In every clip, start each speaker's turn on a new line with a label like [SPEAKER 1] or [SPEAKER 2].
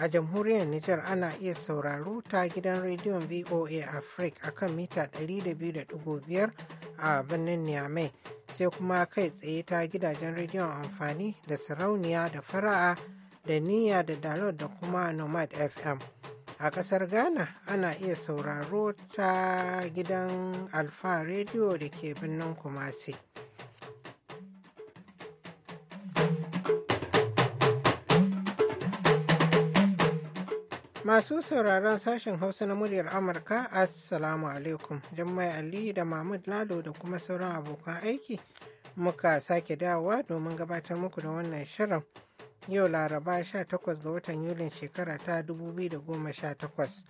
[SPEAKER 1] a jamhuriyar Nijar ana iya sauraro ta gidan rediyon VOA Africa akan mita 200.5 a birnin Niamey sai kuma kai tsaye ta gidajen rediyon amfani da sarauniya da fara'a da niyya da dalot da kuma nomad fm a ƙasar ghana ana iya sauraro ta gidan alfa rediyo da ke birnin kumasi. Masu sauraron sashen Hausa na muryar Amurka, Assalamu alaikum, Jummai Ali da Mahmud Lalo da kuma sauran abokan aiki muka sake dawowa domin gabatar muku da wannan shirin. Yau Laraba 18 ga watan Yulin shekara ta 2018.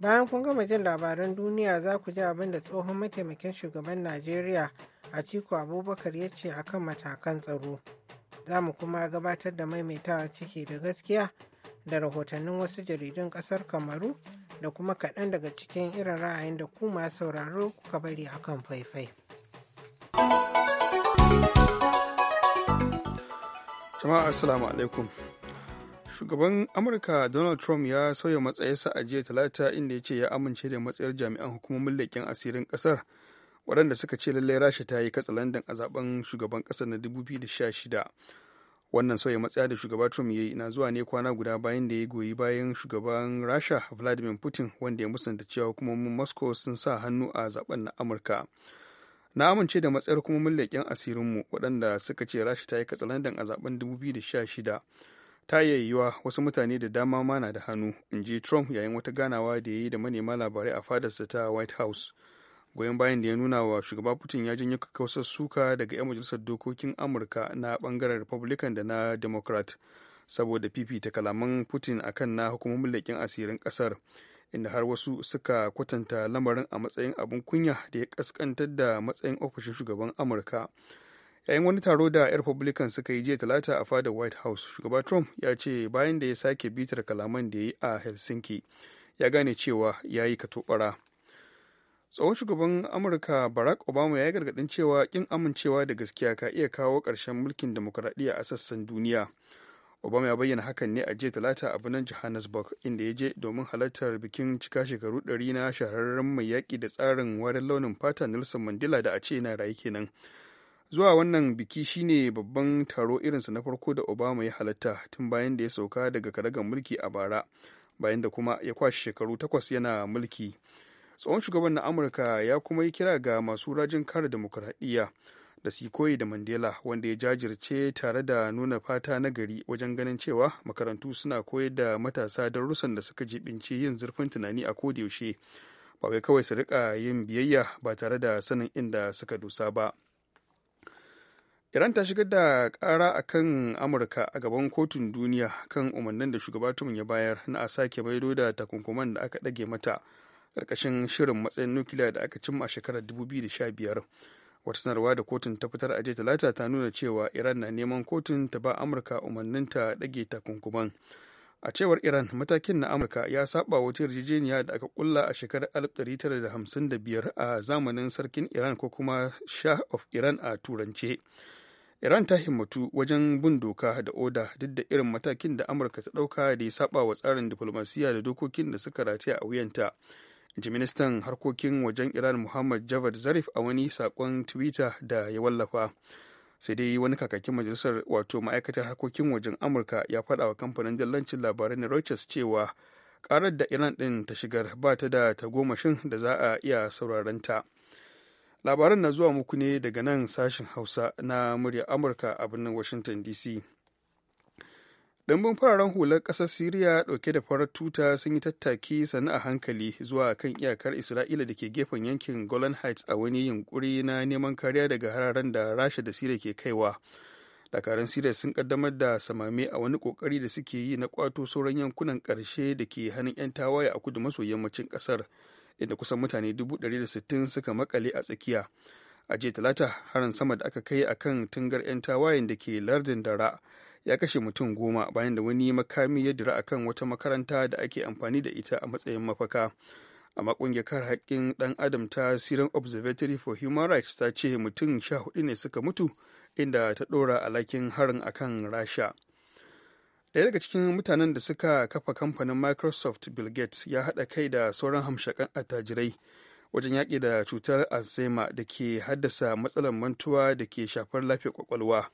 [SPEAKER 1] Bayan kun gama jin labaran duniya za ku ji abin da tsohon mataimakin shugaban Najeriya a ciko Abubakar ya ce akan matakan tsaro. Za mu kuma gabatar da maimaitawa ciki da gaskiya. da rahotannin wasu jaridun kasar kamaru da kuma kaɗan daga cikin irin ra'ayin da ku masu sauraro kuka bari akan faifai.
[SPEAKER 2] jama'a assalamu alaikum shugaban amurka donald trump ya sauya matsayarsa a jiya talata inda ya ce ya amince da matsayar jami'an hukumomin leƙen asirin ƙasar waɗanda suka ce lallai rasha ta yi katsalandan a zaben shugaban ƙasar na 2016 wannan sauya matsaya da shugaba trump ya yi na zuwa ne kwana guda bayan da ya goyi bayan shugaban rasha vladimir putin wanda ya musanta cewa hukumomin moscow sun sa hannu a zaben na amurka na amince da matsayar kuma leƙen asirinmu waɗanda suka ce rasha ta yi katsalandan a zaben 2016 ta yayyuwa wasu mutane da dama mana da hannu in ji trump yayin wata ganawa da ya yi da manema labarai a fadarsa ta white house goyon bayan da ya nuna wa shugaba putin ya janyo kakkausar suka daga 'yan majalisar dokokin amurka na bangaren republican da na democrat saboda fifita kalaman putin akan na hukumar mulkin asirin kasar inda har wasu suka kwatanta lamarin a matsayin abin kunya da ya kaskantar da matsayin ofishin shugaban amurka yayin wani taro da 'yan republican suka yi jiya talata a fadar white house shugaba trump ya ce bayan da ya sake bitar kalaman da ya yi a helsinki ya gane cewa ya yi katobara tsohon shugaban amurka barack obama ya yi gargadin cewa kin amincewa da gaskiya ka iya kawo ƙarshen mulkin demokuraɗiyya a sassan duniya obama ya bayyana hakan ne a jiya talata a birnin johannesburg inda ya je domin halartar bikin cika shekaru ɗari na shahararren mai yaƙi da tsarin warin launin fata nelson mandela da a ce na raye kenan zuwa wannan biki shine babban taro irinsa na farko da obama ya halatta tun bayan da ya sauka daga karagar mulki a bara bayan da kuma ya kwashe shekaru takwas yana mulki tsohon shugaban na amurka ya kuma yi kira ga masu rajin kare demokuraɗiyya da su koyi da mandela wanda ya jajirce tare da nuna fata na gari wajen ganin cewa makarantu suna koyar da matasa rusan da suka jibinci yin zurfin tunani a kodayaushe ba wai kawai su rika yin biyayya ba tare da sanin inda suka dusa ba iran ta shigar da kara a kan amurka a gaban kotun duniya kan umarnin da shugaba ya bayar na a sake maido da takunkuman da aka ɗage mata karkashin shirin matsayin nukiliya da aka cimma a shekarar 2015 wata sanarwa da kotun ta fitar a talata ta nuna cewa iran na neman kotun ta ba amurka umarnin ta dage takunkuman a cewar iran matakin na amurka ya saba wata yarjejeniya da aka kulla a shekarar 1955 a zamanin sarkin iran ko kuma shah of iran a turance iran ta himmatu wajen bin doka da oda duk da irin matakin da amurka ta dauka da ya saba wa tsarin diflomasiyya da dokokin da suka rataya a wuyanta ji ministan harkokin wajen iran muhammad javad zarif a wani sakon twitter da ya wallafa sai dai wani kakakin majalisar wato ma'aikatar harkokin wajen amurka ya faɗa wa kamfanin jallancin labarai na reuters cewa karar da iran ɗin ta shigar ba ta da tagomashin da za a iya sauraron ta labaran na zuwa muku ne daga nan sashen hausa na murya amurka a birnin washington dc ɗimbin fararen hular ƙasar siriya ɗauke da farar tuta sun yi tattaki sannu a hankali zuwa kan iyakar isra'ila da ke gefen yankin golan heights a wani yunkuri na neman kariya daga hararen da rasha da siriya ke kaiwa dakarun siriya sun kaddamar da samame a wani kokari da suke yi na kwato sauran yankunan ƙarshe da ke hannun 'yan tawaye a kudu maso yammacin ƙasar inda kusan mutane 160 suka makale a tsakiya a jiya talata harin sama da aka kai akan tungar 'yan tawayen da ke lardin dara ya kashe mutum goma bayan da wani makami ya dira kan wata makaranta da ake amfani da ita a matsayin mafaka amma ƙungiyar kar haƙƙin ɗan adam ta siren observatory for human rights ta ce mutum sha hudu ne suka mutu inda ta ɗora alakin harin a kan rasha ɗaya daga cikin mutanen da suka kafa kamfanin microsoft bill gates ya haɗa kai da sauran hamshakan attajirai wajen yaƙi da cutar alzheimer da ke haddasa matsalar mantuwa da ke shafar lafiyar kwakwalwa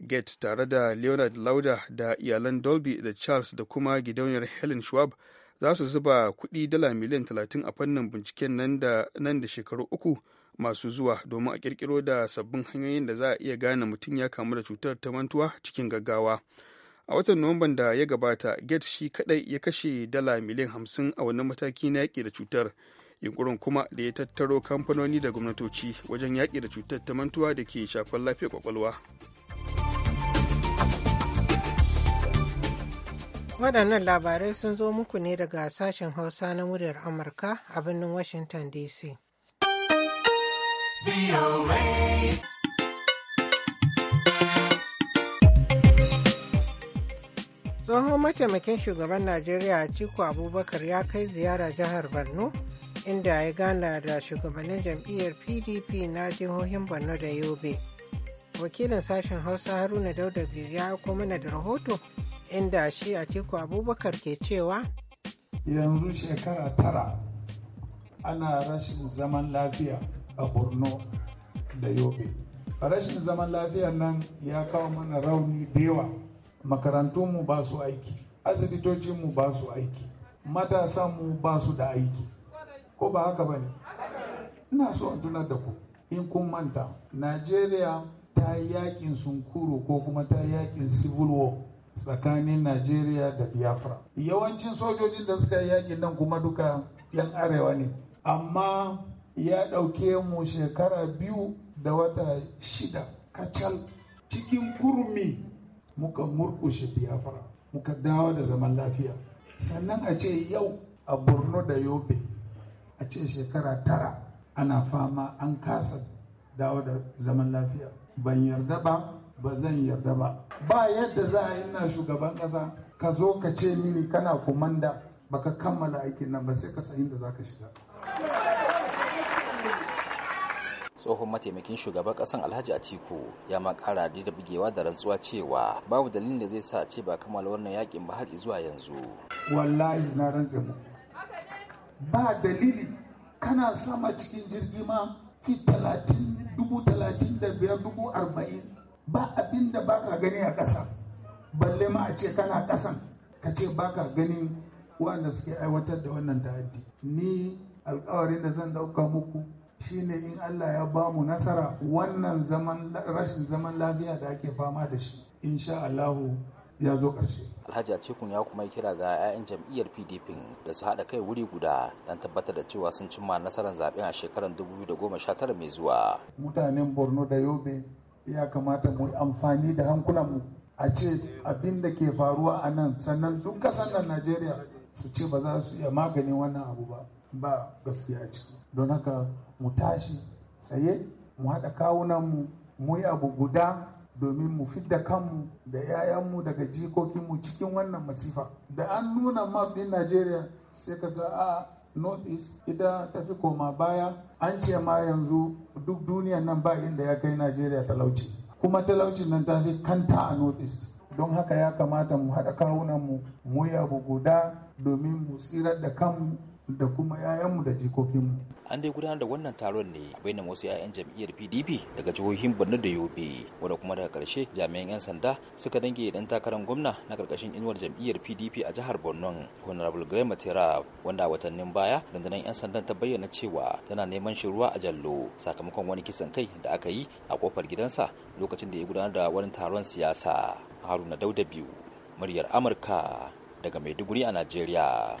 [SPEAKER 2] gate tare da leonard lauda da iyalan dolby da charles da kuma gidauniyar helen schwab za su zuba kudi dala miliyan 30 a fannin binciken nan da shekaru uku masu zuwa domin a kirkiro da sabbin hanyoyin da za a iya gane mutum ya kamu da cutar ta mantuwa cikin gaggawa a watan nuwamban da ya gabata gate shi kadai ya kashe dala miliyan 50 a wannan mataki na yaƙi da cutar yunkurin kuma da ya tattaro kamfanoni da gwamnatoci wajen yaƙi da cutar ta mantuwa da ke shafar lafiyar kwakwalwa
[SPEAKER 1] Waɗannan labarai sun zo muku ne daga sashen Hausa na muryar Amurka a birnin Washington DC. Tsohon mataimakin shugaban Najeriya Ciko Abubakar ya kai ziyara jihar Borno inda ya gana da shugabannin jam'iyyar PDP na jihohin Borno da Yobe. Wakilin sashen Hausa Haruna Dauda biyu ya kuma da rahoto inda shi a Atiku Abubakar ke cewa
[SPEAKER 3] yanzu shekara tara ana rashin zaman lafiya a Borno da Yobe. Rashin zaman lafiya nan ya kawo mana rauni da yawa. Makarantunmu ba su aiki, asibitocinmu ba su aiki, matasanmu ba su da aiki. Ko ba haka ba ne? Ina so in tunar da ku, in kun manta, Najeriya ta yi yakin sunkuru ko kuma ta yakin civil war. tsakanin Najeriya da Biafra. Yawancin sojojin da suka yi yakin nan kuma duka 'yan arewa ne, amma ya ɗauke mu shekara biyu da wata shida kacal cikin kurmi muka murkushe Biafra, muka dawo da zaman lafiya. Sannan a ce yau a Borno da Yobe, a ce shekara tara ana fama an kasa dawo da zaman lafiya. Ban yarda ba. ba zan yarda ba ba yadda za a yi na shugaban ƙasa ka zo ka ce mini kana ba baka kammala aikin nan ba sai ka san inda za ka shiga
[SPEAKER 4] tsohon mataimakin shugaban kasan alhaji atiku ya ma kara da bugewa da rantsuwa cewa babu dalilin da zai sa ce ba kammala wannan yakin ba har zuwa yanzu
[SPEAKER 3] wallahi na rantse mu ba dalili kana sama cikin jirgi ma fi talatin dubu talatin da biyar dubu arba'in ba abin da baka gani a ƙasa balle ma a ce kana ƙasan ka ce baka ganin wanda suke aiwatar da wannan ta'addi ni alkawarin da zan ɗauka muku shine in Allah ya ba mu nasara wannan zaman rashin zaman lafiya da ake fama da shi insha Allah ya zo ƙarshe.
[SPEAKER 4] Alhaji cikin ya kuma yi kira ga 'ya'yan jam'iyyar PDP da su haɗa kai wuri guda don tabbatar da cewa sun cimma nasarar zaɓen a shekarar 2019 mai zuwa.
[SPEAKER 3] Mutanen Borno da Yobe ya kamata mu amfani da hankulan mu. a ce abin da ke faruwa a nan sannan duk kasan nan najeriya su ce ba za su iya maganin wannan abu ba ba gaskiya ce. don haka mu tashi tsaye mu haɗa kawunan mu yi abu guda domin mu da kanmu da 'ya'yanmu daga jikokinmu cikin wannan masifa da an nuna map din najeriya sai ka ga a north east ita ta fi koma baya an ce ma yanzu duk duniyan nan ba inda ya kai najeriya talauci kuma talaucin nan ta fi kanta a north east don haka ya kamata mu haɗa kawunanmu mu yabu guda domin mu tsirar da kanmu da kuma 'ya'yanmu da jikokinmu.
[SPEAKER 4] An dai gudanar da wannan taron ne a wasu 'ya'yan jam'iyyar PDP daga jihohin Borno da Yobe, wanda kuma daga karshe jami'an 'yan sanda suka dange dan takarar gwamna na karkashin inuwar jam'iyyar PDP a jihar Borno, Honorable Graham Matera, wanda watannin baya rundunar 'yan sandan ta bayyana cewa tana neman shiruwa a jallo sakamakon wani kisan kai da aka yi a kofar gidansa lokacin da ya gudanar da wani taron siyasa. Haruna Dauda biyu, muryar Amurka daga Maiduguri a Najeriya.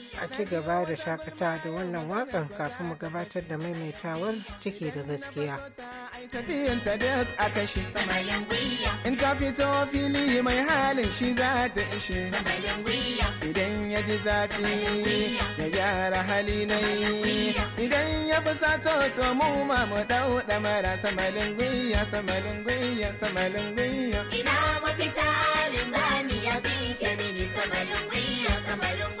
[SPEAKER 1] a ci gaba da shakata da wannan wakan kafin mu gabatar da maimaitawar ciki da gaskiya. Tafiyinta duk
[SPEAKER 5] In ta fito fili mai halin shi za ta ishe. Idan ya ji zafi ya gyara hali na yi. Idan ya fi sato to mu ma mu dau mara samalin gwiya samalin gwiya samalin gwiya. Ina mafita linzani ya bi ke samalin gwiya samalin gwiya.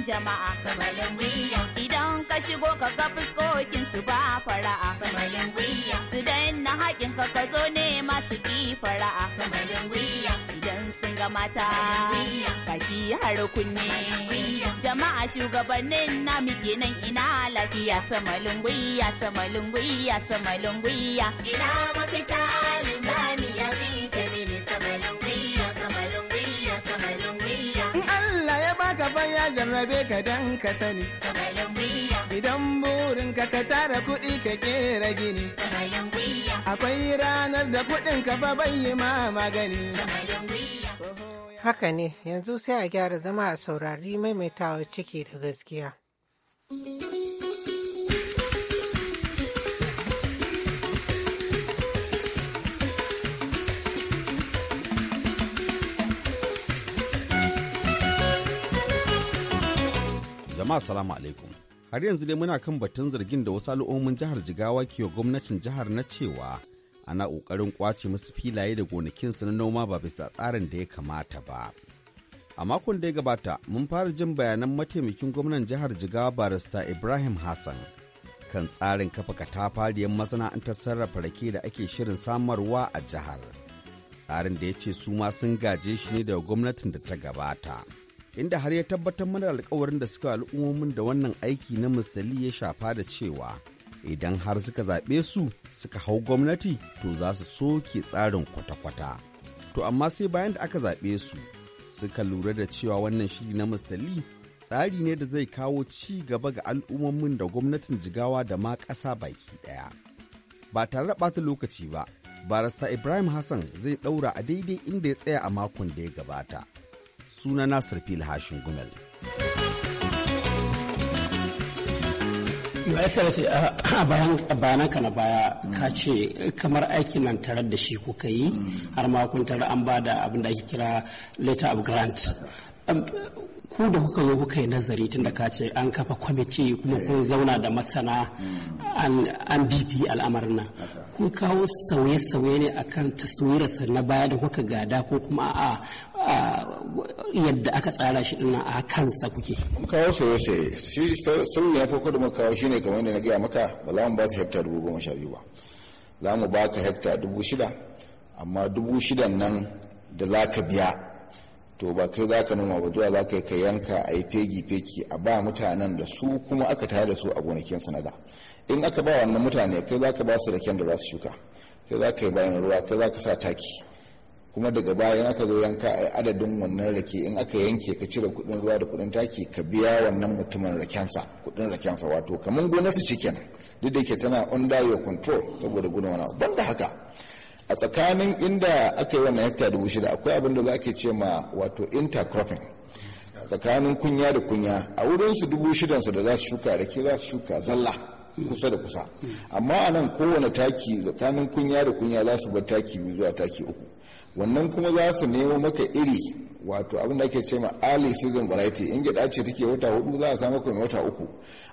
[SPEAKER 5] cikin jama'a idan ka shigo ka ga fuskokin su ba fara'a su daina haƙin ka ka zo ne masu ki fara'a idan sun ga mata baki har kunne jama'a shugabannin na muke nan ina lafiya samalin gwiya samalin samalin ina mafita ya jarrabe ka dan ka sani. Idan burin ka ka tara kuɗi ka kera gini. Akwai ranar da kuɗin ka fa bai
[SPEAKER 1] ma magani. Haka ne, yanzu sai a gyara zama a saurari maimaitawa ciki da gaskiya.
[SPEAKER 6] jama'a salamu alaikum har yanzu dai muna kan batun zargin da wasu al'ummin jihar jigawa ke gwamnatin jihar na cewa ana ƙoƙarin kwace musu filaye da gonakinsu na noma ba bisa tsarin da ya kamata ba a makon da ya gabata mun fara jin bayanan mataimakin gwamnan jihar jigawa barista ibrahim hassan kan tsarin kafa katafariyar masana'antar sarrafa rake da ake shirin samarwa a jihar tsarin da ya ce su ma sun gaje shi ne daga gwamnatin da ta gabata. inda har ya tabbatar mana alkawarin da suka al'ummomin da wannan aiki na Mr. ya shafa da cewa idan har suka zaɓe su suka hau gwamnati to za su soke tsarin kwata-kwata. To amma sai bayan da aka zaɓe su suka lura da cewa wannan shiri na Mr. tsari ne da zai kawo ci gaba ga al'ummomin da gwamnatin jigawa da ma ƙasa baki ɗaya. Ba tare da ɓata lokaci ba, barista Ibrahim Hassan zai ɗaura a daidai inda ya tsaya a makon da ya gabata. suna Nasir Fil Hashin Gumel.
[SPEAKER 7] USRC a bayanan ka na baya ka ce kamar aikin nan tarar da shi kuka yi har ma kun tarar an ba da abin da ake kira letter of grant. ku da kuka zo kuka yi nazari tun da ka ce an kafa kwamiti kuma kun eh. zauna da masana hmm. an bibi al'amarin nan kun kawo sauye-sauye ne akan taswirarsa na baya da kuka gada ko kuma a yadda aka tsara shi dinnan a kansa kuke
[SPEAKER 8] kawo sauye-sauye shi sun ne farko da muka kawo shine kamar yadda na gaya maka ba za mu ba su hekta dubu goma sha biyu ba za mu ba ka hekta dubu shida amma dubu shidan nan da za ka biya to ba kai za ka noma ba zuwa za ka yi ka yanka a yi fegi-fegi a ba mutanen da su kuma aka tare da su a gonakin sanada in aka ba wannan mutane kai za ka ba su raken da za su shuka kai za ka yi bayan ruwa kai za ka sa taki kuma daga bayan aka zo yanka a adadin wannan rake in aka yanke ka cire kudin ruwa da kudin taki ka biya wannan mutumin rakensa kudin rakensa wato kamar gona su cikin duk da yake tana under your control saboda gudun wani ban da haka a tsakanin inda aka yi wannan hekta dubu shida akwai abin da za ke ce ma wato intercropping tsakanin kunya da kunya a wurinsu dubu shidansu da za su shuka rake za su shuka zalla kusa da kusa amma a nan kowane taki tsakanin kunya da kunya za su bar taki biyu zuwa taki uku wannan kuma za su nemo maka iri wato abin da ake ce ma early season variety in gida ce take wata hudu za a samu kuma wata uku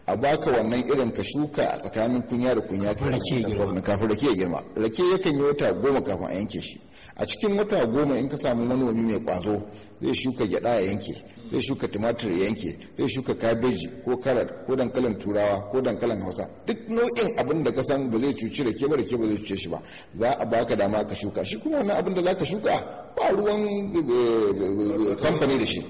[SPEAKER 8] a baka wannan irin ka shuka a tsakanin kunya da kunya kafin rake ya girma rake yakan yi wata goma kafin a yanke shi a cikin wata goma in ka samu manomi mai kwazo zai shuka gyada ya yanke zai shuka tumatir a yanke zai shuka kabeji ko karar ko dankalin turawa ko dankalin hausa duk nau'in abin da ka san ba zai cuci rake ba rake ba zai cuce shi ba za a baka dama ka shuka shi kuma wani abin da za ka shuka ba ruwan eh, kamfani da shi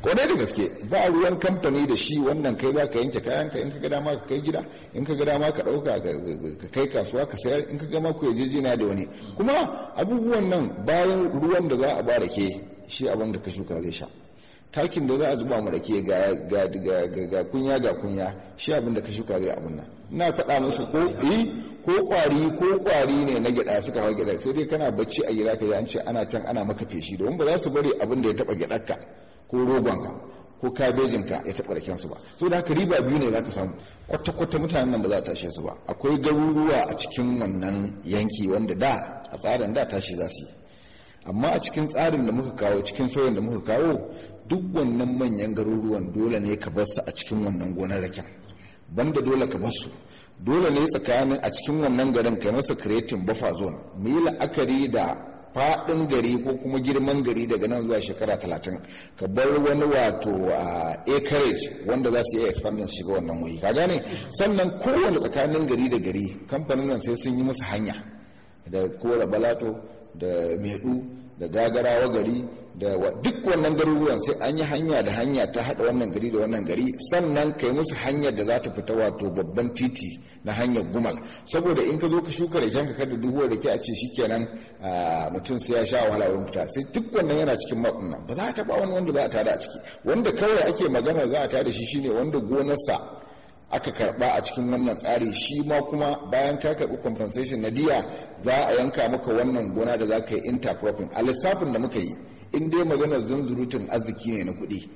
[SPEAKER 8] kodai da gaske ba ruwan kamfani da shi wannan kai za ka yanke kayan ka in ka gada dama ka kai gida in ka gada dama ka ɗauka ka kai kasuwa ka sayar in ka ga ma ku na da wani kuma abubuwan nan bayan ruwan da za a ba da ke shi abin da ka shuka zai sha takin da za a zuba mu rake ga ga kunya ga kunya shi abin da ka shuka zai abin nan ina faɗa musu ko eh ko kwari ko kwari ne na gida suka hau gida sai dai kana bacci a gida ka ji an ce ana can ana maka feshi domin ba za su bari abin da ya taba gidanka ko rogonka ko kabejinka ya taɓa rakensu ba so da haka riba biyu ne za ka samu kwata-kwata mutanen nan ba za a tashe su ba akwai garuruwa a cikin wannan yanki wanda da a tsarin da tashi za su yi amma a cikin tsarin da muka kawo cikin soyin da muka kawo duk wannan manyan garuruwan dole ne ka basu a cikin wannan gonar raken banda dole ka basu dole ne tsakanin a cikin wannan garin kai masa creating buffer zone mu yi la'akari da faɗin gari ko kuma girman gari daga nan zuwa shekara talatin ka bar wani wato acreage wanda za su iya expanding shiga wannan wuri ka gane sannan kowane tsakanin gari da gari kamfanin nan sai sun yi musu hanya da kora balato da medu da gagarawa gari da duk wannan garuruwan sai an yi hanya da hanya ta haɗa wannan gari da wannan gari sannan kai musu hanyar da za ta fita wato babban titi na hanyar gumal saboda in ka zo ka shuka da ka kada duhuwar da ke a ce shikenan mutum sai ya sha wahala wurin fita sai duk wannan yana cikin makon ba za a taɓa wani wanda za a tada a ciki wanda kawai ake magana za a tada shi shine wanda gonarsa aka karba a cikin wannan tsari shi ma kuma bayan ka karbi compensation na diya za a yanka maka wannan gona da za ka yi intercropping a lissafin da muka yi in dai maganar zunzurutun arziki ne na kuɗi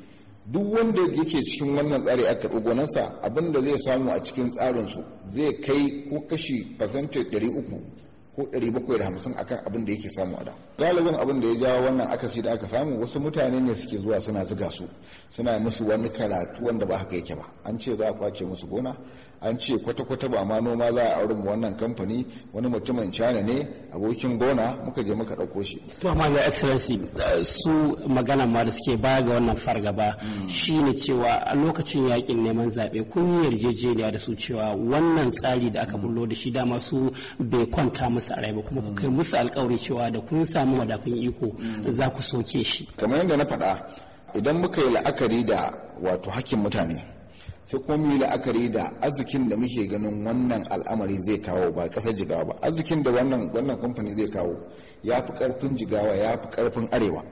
[SPEAKER 8] duk wanda yake cikin wannan tsari aka karbi gonarsa abin da zai samu a cikin tsarin su zai kai ko kashi percentage 300 ko 750 akan abin da yake samu a da galibin abin da ya jawo wannan akasi da aka samu wasu mutane ne suke zuwa suna zuga su suna musu wani karatu wanda ba haka yake ba an ce za a kwace musu gona an ce kwata-kwata ba ma noma za a auri wannan kamfani wani mutumin china ne abokin gona muka je muka
[SPEAKER 7] ɗauko shi to amma ya excellency su magana ma da suke baya ga wannan fargaba hmm. shine cewa a lokacin yakin neman zaɓe kun yi yarjejeniya da su cewa wannan tsari da aka hmm. bullo da shi dama su bai kwanta musu a rai ba kuma ku kai hmm. musu alkawari cewa da kun samu madafin iko za ku soke shi
[SPEAKER 8] kamar yadda na faɗa idan muka yi la'akari da wato hakkin mutane sai kuma mu yi la'akari da arzikin da muke ganin wannan al'amari zai kawo ba kasar jigawa ba arzikin da wannan wannan kamfani zai kawo ya fi karfin jigawa ya fi karfin arewa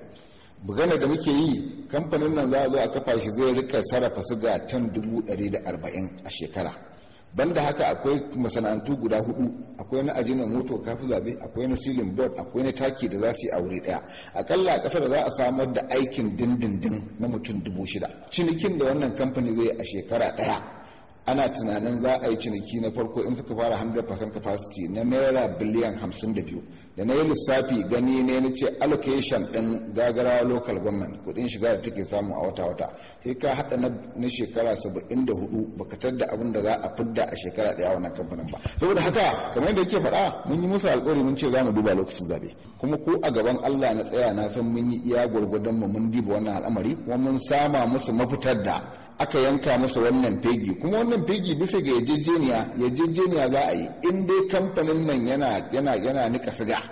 [SPEAKER 8] magana da muke yi kamfanin nan za a zo a kafa shi zai rika sarrafa siga tan dubu ɗari da arba'in a shekara banda haka akwai masana'antu guda hudu akwai na ajinan moto kafi zabe akwai na silin board akwai na taki da za su yi a wuri daya akalla a kasar za a samar da aikin dindindin na mutum dubu shida cinikin da wannan kamfani zai a shekara daya ana tunanin za a yi ciniki na farko in suka fara 100% capacity na naira biliyan 52 da na yi lissafi gani ne na ce allocation din gagarawa local government kudin shiga da take samu a wata-wata sai ka hada na shekara saba'in da baka tadda abin da za a fidda a shekara daya wannan kamfanin ba saboda haka kamar yadda yake faɗa mun yi musu alƙawari mun ce za mu duba lokacin zaɓe kuma ko a gaban Allah na tsaya na san mun yi iya gwargwadon mu mun diba wannan al'amari kuma mun sama musu mafitar da aka yanka musu wannan fegi kuma wannan fegi bisa ga yajejeniya yajejeniya za a yi in dai kamfanin nan yana yana yana nika siga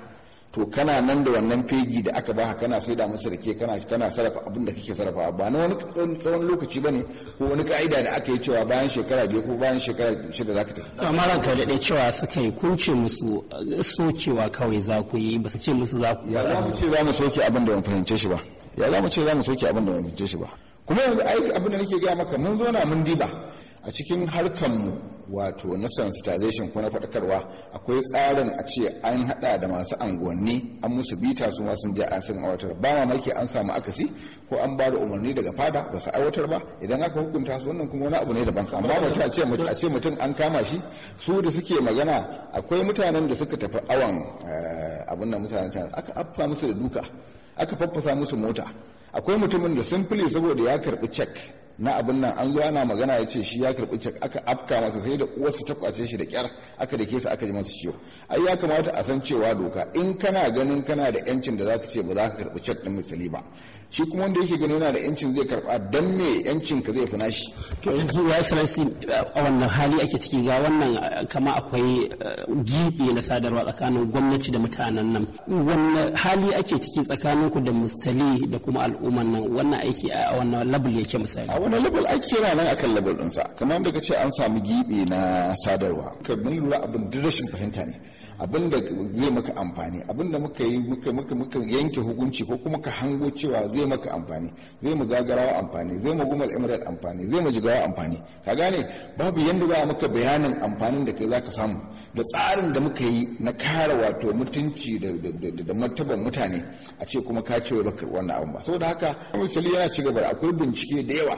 [SPEAKER 8] to kana nan da wannan fegi da aka baka kana saida masa rake kana kana sarrafa abin da kake sarrafa ba na wani tsawon lokaci bane ko wani ka'ida da aka yi cewa bayan shekara biyu ko bayan shekara shida zaka tafi
[SPEAKER 2] amma
[SPEAKER 7] ranka da cewa suka yi kun ce musu eh, sokewa kawai za ku yi ba su ce musu za ku ya za mu ce za
[SPEAKER 8] mu soke abin da ban fahimce shi ba ya za mu ce za mu soke abin da ban fahimce shi ba kuma yanzu ai abin da nake gaya maka mun zo na mun diba a cikin harkanmu wato na sensitization ko na faɗakarwa akwai tsarin a ce an haɗa da masu anguwanni an musu bita su ma sun je an sun aiwatar ba mamaki an samu akasi ko an ba da umarni daga fada ba su aiwatar ba idan aka hukunta su wannan kuma wani abu ne daban amma mutum a ce mutum an kama shi su da suke magana akwai mutanen da suka tafi awan eh, abin nan mutanen can aka affa musu da duka aka faffasa musu mota akwai mutumin da simply saboda ya karbi check. na abin nan an zo ana magana ya ce shi ya karbi cak aka afka masa sai da uwarsa ta kwace shi da kyar aka da kesa aka ji masa ciwo ai ya kamata a san cewa doka in kana ganin kana da yancin da zaka ce ba za ka karbi cek din misali ba shi kuma wanda yake ganin yana da yancin zai karba dan
[SPEAKER 7] me yancin ka zai fi shi to yanzu ya sarasi a wannan hali ake ciki ga wannan eh, kama akwai eh, gibi na sadarwa tsakanin gwamnati da mutanen nan wannan hali ake ciki tsakanin ku da misali da kuma al'umman nan wannan aiki a wannan labul yake misali wani
[SPEAKER 8] level aiki yana nan akan level ɗinsa kamar da ka ce an samu giɓi na sadarwa ka mun lura abin da rashin fahimta ne abin da zai maka amfani abin da muka yi muka muka muka yanke hukunci ko kuma ka hango cewa zai maka amfani zai mu gagarawa amfani zai mu gumal emirate amfani zai mu jigawa amfani ka gane babu yanda ba maka bayanin amfanin da kai zaka samu da tsarin da muka yi na kare wato mutunci da martaban mutane a ce kuma ka ce baka wannan abin ba saboda haka misali yana ci gaba akwai bincike da yawa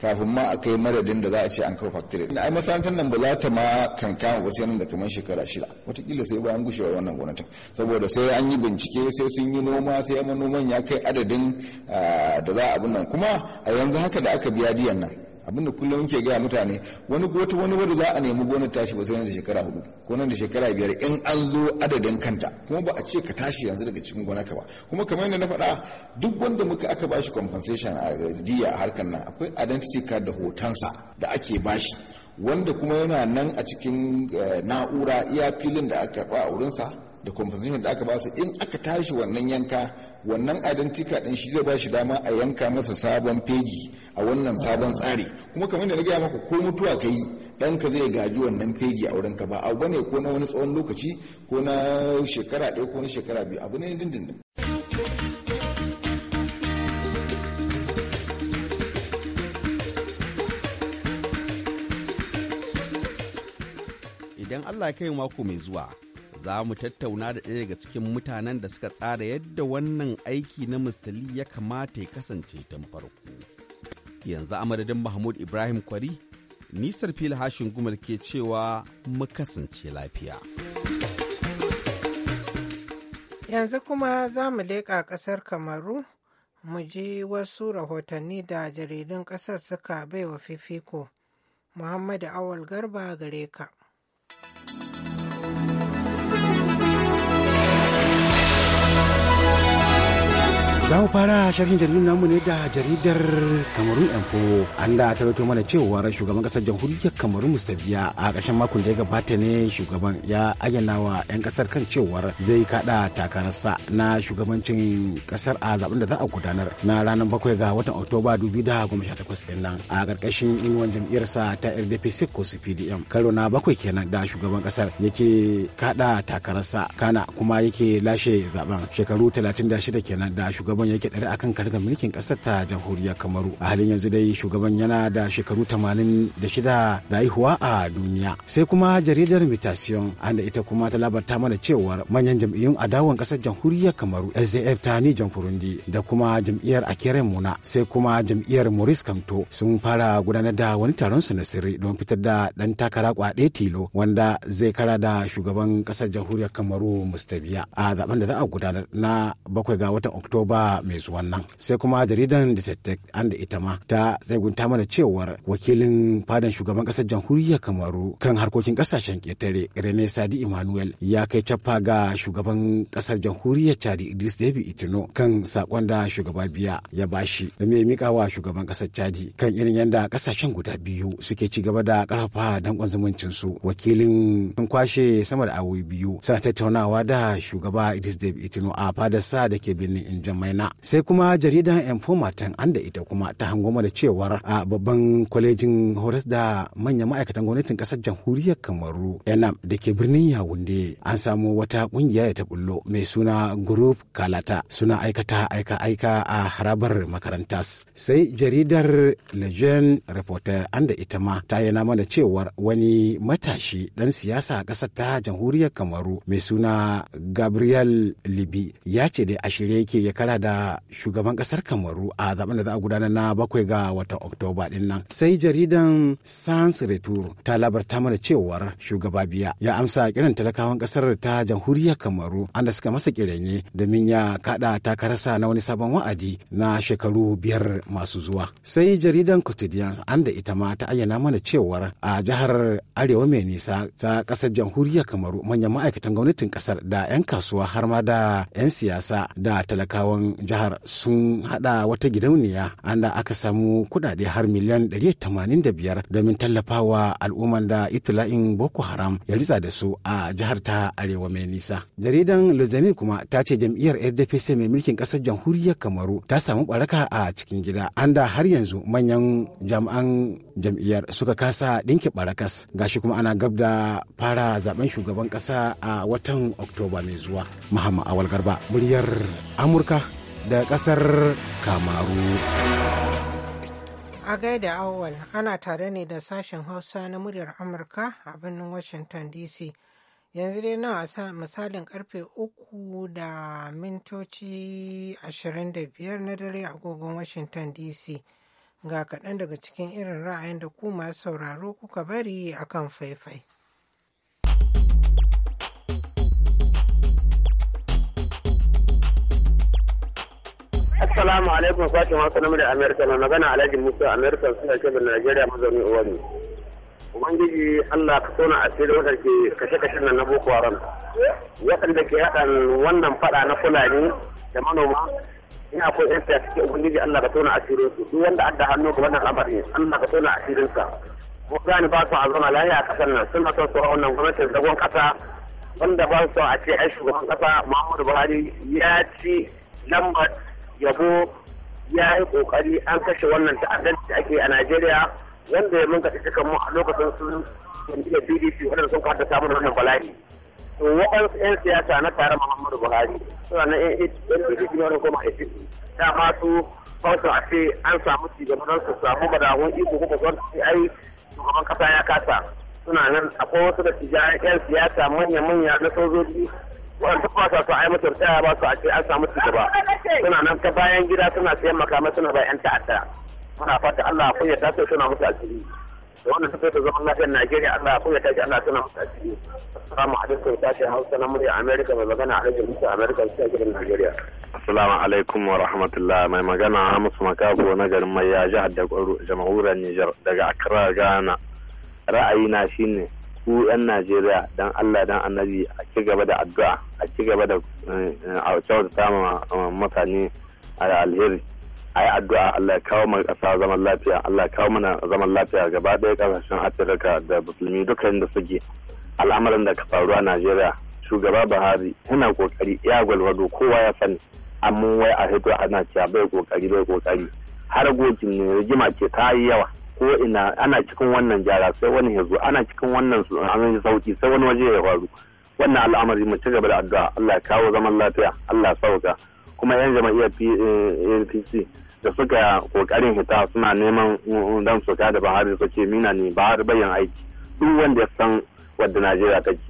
[SPEAKER 8] kafin ma a kai madadin da za a ce an kawo factory na ai masana'antar nan ba za ta ma kankama ba sai nan da kamar shekara shida watakila sai bayan gushewar wannan gwamnatin saboda sai an yi bincike sai sun yi noma sai manoman ya kai adadin ah, da za a abin nan kuma a yanzu haka da aka biya diyan nan abin da kullum muke gaya mutane wani gota wani wadda za a nemi gonar tashi ba sai na da shekara hudu ko nan da shekara biyar in an zo adadin kanta kuma ba a ce ka tashi yanzu daga cikin ka ba kuma kamar yadda na faɗa duk wanda muka aka bashi compensation a diya a harkar nan akwai identity card da hotonsa da ake bashi wanda kuma yana nan a cikin eh, na'ura iya filin da aka ba a wurinsa da compensation da aka ba su in aka tashi wannan yanka wannan adantika din shi zai ba shi dama a yanka masa sabon fegi a wannan sabon tsari kuma kamar da na gaya maka ko mutuwa ka yi ɗanka zai gaji wannan fegi a wurinka ba abu ne ko na wani tsawon lokaci ko na shekara ɗaya ko na shekara biyu abu ne dindindin.
[SPEAKER 6] idan Allah ya kai mako mai zuwa za mu tattauna da ɗaya daga cikin mutanen da suka tsara yadda wannan aiki na mustali ya kamata ya kasance tun farko yanzu amadadin madadin mahmud ibrahim kwari nisar fil hashin gumal ke cewa mu
[SPEAKER 1] kasance lafiya yanzu kuma za mu leƙa ƙasar kamaru mu ji wasu rahotanni da jaridun ƙasar suka baiwa fifiko muhammadu awal garba gare ka.
[SPEAKER 9] za mu fara shafin jaridun namu ne da jaridar kamaru yanfo an da ta rato mana cewa shugaban kasar jamhuriyar kamarun mustabiya a ƙarshen makon da ya gabata ne shugaban ya ayyana wa 'yan kasar kan cewar zai kada takararsa na shugabancin kasar a zaben da za a gudanar na ranar bakwai ga watan oktoba 2018 ɗin nan a ƙarƙashin inuwan jam'iyyarsa ta rdpc ko su pdm karo na bakwai kenan da shugaban kasar yake kada takararsa kana kuma yake lashe zaben shekaru 36 kenan da shugaban shugaban yake dare akan kargar mulkin kasar ta jamhuriyar kamaru a halin yanzu dai shugaban yana da shekaru 86 da haihuwa a duniya sai kuma jaridar mutation anda ita kuma ta labarta mana cewar manyan jam'iyyun adawan kasar jamhuriyar kamaru sdf ta ni jamhurundi da kuma jam'iyyar akere muna sai kuma jam'iyyar maurice kamto sun fara gudanar da wani taron su na sirri don fitar da dan takara kwaɗe tilo wanda zai kara da shugaban kasar jamhuriyar kamaru mustabiya a zaben da za a gudanar na bakwai ga watan oktoba mai zuwan nan sai kuma jaridan da an da ita ma ta tsegunta mana cewar wakilin fadan shugaban kasar jamhuriyar kamaru kan harkokin kasashen ketare rene sadi emmanuel ya kai cappa ga shugaban kasar jamhuriyar chadi idris david itino kan sakon da shugaba biya ya bashi da mai mika wa shugaban kasar chadi kan irin yadda kasashen guda biyu suke ci gaba da karfafa dankon zumuncin su wakilin sun kwashe sama da awoyi biyu suna tattaunawa da shugaba idris david itino a sa da ke birnin injin Kaduna. Sai kuma jaridar Informatin an da ita kuma ta hango da cewar a babban kwalejin horas da manyan ma'aikatan gwamnatin kasar jamhuriyar Kamaru yana da ke birnin Yawunde an samu wata kungiya ya ta bullo mai suna Group Kalata suna aikata aika aika a harabar makarantas. Sai jaridar lejen Reporter an da ita ma ta yana mana cewar wani matashi dan siyasa a kasar ta jamhuriyar Kamaru mai suna Gabriel Libi ya ce da a shirye yake ya kara da shugaban kasar kamaru a zaben da za a gudanar na bakwai ga watan oktoba din nan sai jaridan sans retour ta labarta mana cewar shugaba biya ya amsa kiran talakawan kasar ta jamhuriyar kamaru anda suka masa kiranye domin ya kada takarasa na wani sabon wa'adi na shekaru biyar masu zuwa sai jaridan quotidien anda ita ma ta ayyana mana cewar a jihar arewa mai nisa ta kasar jamhuriyar kamaru manyan ma'aikatan gwamnatin kasar da 'yan kasuwa har ma da 'yan siyasa da talakawan jihar sun hada wata gidauniya anda aka samu kudade har miliyan 185 domin tallafawa al'umman da itula'in boko haram ya ritsa da su a jihar ta arewa mai nisa jaridan lozanil kuma ta ce jam'iyyar rdpc mai mulkin kasar jamhuriyar kamaru ta samu baraka a cikin gida anda har yanzu manyan jami'an jam'iyyar suka kasa ɗinke barakas gashi kuma ana gab da fara zaben shugaban ƙasa a watan oktoba mai zuwa muhammad awal garba muryar amurka da ƙasar kamaru
[SPEAKER 1] a gaida awal ana tare ne da sashen hausa na muryar amurka a birnin washington dc yanzu dai wasa misalin karfe uku da mintoci 25 na dare agogon washington dc ga kaɗan daga cikin irin ra'ayin da ku masu sauraro kuka bari akan faifai.
[SPEAKER 10] Assalamu alaikum sashen wasu namu da Amerika na magana Alhaji Musa Amerika suna kebin Najeriya mazauni Uwani. Ubangiji Allah ka tona asirin wadda ke kashe kashe nan na Boko Haram. Waɗanda ke haɗan wannan faɗa na Fulani da manoma ina akwai yan siyasa ke ubangiji Allah ka tona asirin su duk wanda adda hannu ga wannan al'amari Allah ka tona asirin sa. Mu gane ba su a zama lafiya a ƙasar nan suna son su wannan gwamnatin zagon ƙasa wanda ba su a ce ai shugaban ƙasa Muhammadu Buhari ya ci lambar yabo ya yi kokari an kashe wannan ta'addanci da ake a najeriya wanda ya mun kashe kan mu a lokacin sun da pdp wadanda sun kwata samun wannan bala'i to waɗansu 'yan siyasa na tare muhammadu buhari suna na 'yan pdp na wani koma apc ma su kawai a ce an samu cigaba don su samu madawun iko kuma zuwa su ai shugaban kasa ya kasa suna nan akwai wasu da tijayen 'yan siyasa manya-manya na sojoji wanda ba sa a tsaya ba su a ce an samu gaba suna nan ta bayan gida suna sayan makamai suna bayan ta'adda muna fata Allah ya kunyata su suna musu asiri da wanda suka ta zaman lafiyar Najeriya Allah ya kunyata shi Allah suna musu asiri assalamu alaikum tashi Hausa na murya America mai magana a rajin musu su gidan Najeriya
[SPEAKER 11] assalamu alaikum wa rahmatullah mai magana Hamisu Makabo na garin ya jihar da jamhuriyar Nijar daga Accra Ghana ra'ayina shine ku 'yan najeriya dan allah dan annabi a ci gaba da addu'a a ci gaba da eh, a kyautata ma mutane a alheri a yi addu'a allah ya kawo mana ƙasa zaman lafiya allah ya kawo mana zaman lafiya gaba ɗaya ƙasashen afirka da musulmi duka da suke al'amarin da ka faru a najeriya shugaba buhari yana kokari ya gwalwado kowa ya sani amma wai a hito ana cewa bai kokari bai kokari har gokin ne rigima ce ta yi yawa ko ina ana cikin wannan gyara sai wani ya zo ana cikin wannan an sauki sai wani waje ya faru wannan al'amari mu ci gaba da addu'a Allah ya kawo zaman lafiya Allah sauka kuma yan jama'iyyar PNPC eh, da suka kokarin hita suna neman mm, dan su da Buhari suke mina ne Buhari bayan aiki duk wanda ya san wadda Najeriya take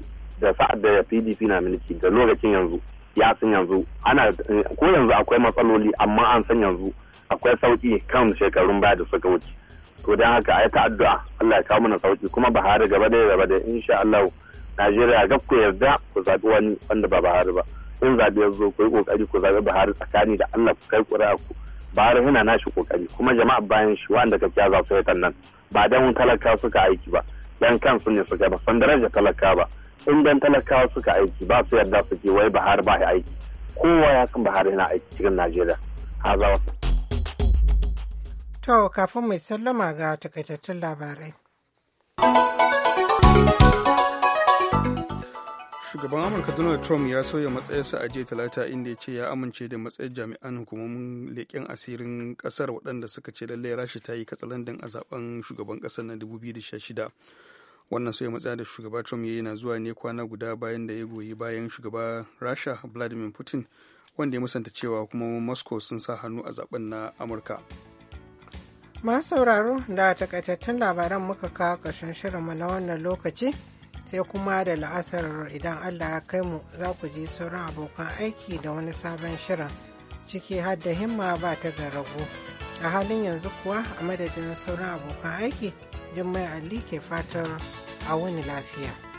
[SPEAKER 11] da sa'ad da PDP na mulki da lokacin yanzu ya san yanzu ana eh, ko yanzu akwai matsaloli amma an san yanzu akwai sauki kan shekarun baya da suka wuce to dan haka a ta addu'a Allah ya kawo mana sauki kuma bahari gaba da gaba da insha Allah Najeriya ga ku yarda ku zaɓi wani wanda ba bahari ba in zabi ya zo ku yi ƙoƙari ku zaɓi bahari tsakani da Allah ku kai kura ku bahari yana nashi kokari kuma jama'a bayan shi wanda ka za su yi nan ba dan talaka suka aiki ba dan kansu ne suka ba san daraja talaka ba in dan talakawa suka aiki ba su yarda su ke wai bahari ba aiki kowa ya san bahari yana aiki cikin Najeriya. Hazawa.
[SPEAKER 1] To, kafin mai sallama ga takaitattun labarai.
[SPEAKER 2] Shugaban Amurka Donald Trump ya sauya matsayarsa a jiya talata inda ya ce ya amince da matsayin jami'an hukumomin leƙen asirin ƙasar waɗanda suka ce lallai rashi ta yi katsalandan a zaben shugaban ƙasar na 2016. wannan sauya matsaya da shugaba trump ya yana zuwa ne kwana guda bayan da ya goyi bayan shugaba rasha vladimir putin wanda ya musanta cewa kuma moscow sun sa hannu a zaben na amurka
[SPEAKER 1] masu sauraro da takaitattun labaran muka kawo ƙarshen shirinmu na wannan lokaci sai kuma da la'asar idan allah ya kai mu za ku ji sauran abokan aiki da wani sabon shirin ciki har da himma ba ta ga rago a halin yanzu kuwa a madadin sauran abokan aiki jummai ali ke fatar a wani lafiya.